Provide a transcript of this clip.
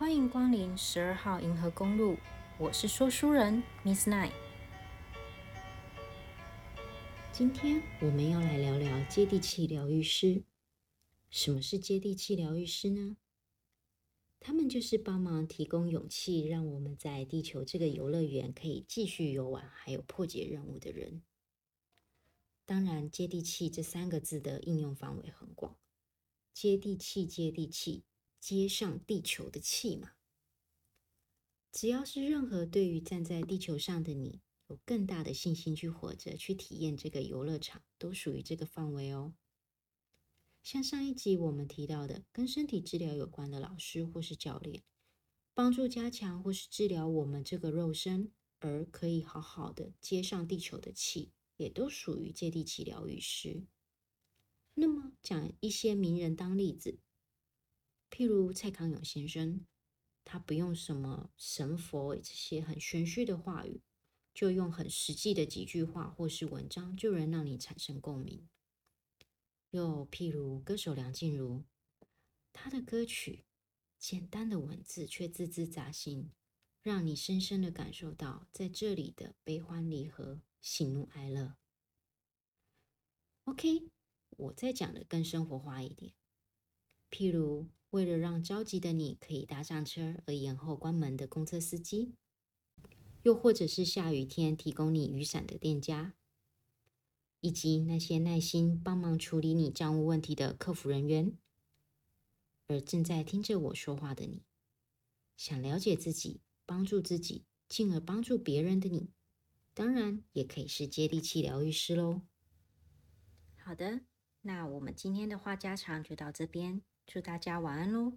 歡迎光臨十二號銀河公路，我是說書人 Miss Night。今天我們要來聊聊接地氣療育師。什麼是接地氣療育師呢？他們就是幫忙提供勇氣，讓我們在地球這個遊樂園可以繼續遊玩，還有破解任務的人。當然，接地氣這三個字的應用範圍很廣，接地氣，接地氣。接上地球的氣嘛，只要是任何對於站在地球上的你有更大的信心去活着、去體驗這個遊樂場，都屬於這個範圍哦。像上一集我們提到的，跟身體治療有關的老師或是教練，幫助加強或是治療我們這個肉身，而可以好好的接上地球的氣，也都屬於接地氣療育師。那麼講一些名人當例子。譬如蔡康永先生，他不用什麼神佛這些很玄虛的話語，就用很實際的幾句話或是文章，就能讓你產生共鳴。又譬如歌手梁靜茹，她的歌曲簡單的文字卻字字紮心，讓你深深的感受到在這裡的悲歡離合、喜怒哀樂。OK，我再講的更生活化一點。譬如，為了讓着急的你可以搭上車而延後關門的公車司機，又或者是下雨天提供你雨傘的店家，以及那些耐心幫忙處理你賬務問題的客服人員，而正在聽着我說話的你，想了解自己、幫助自己，進而幫助別人的你，當然也可以是接地氣療育師嘍。好的。那我們今天的話家常就到這邊，祝大家晚安嘍。